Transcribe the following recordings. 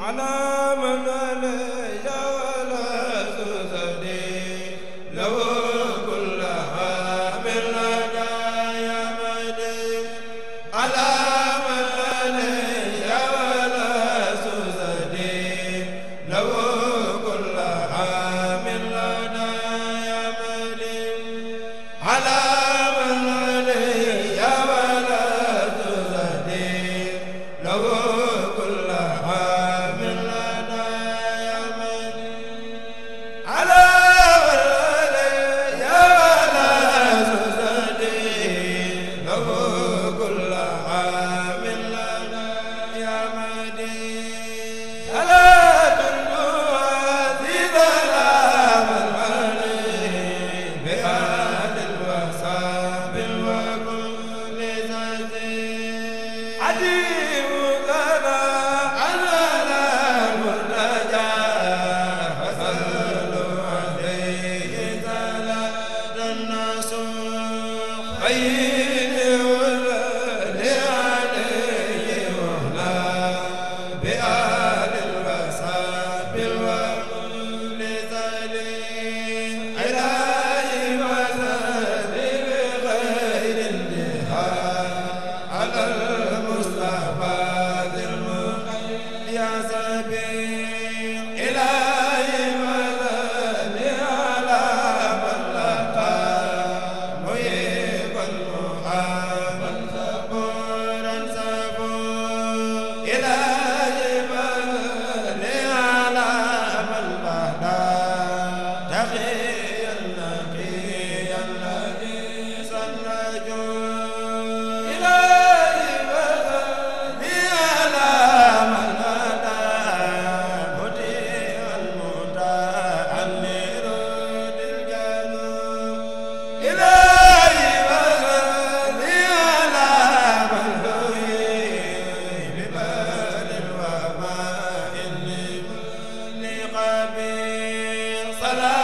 ala la la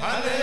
Hallelujah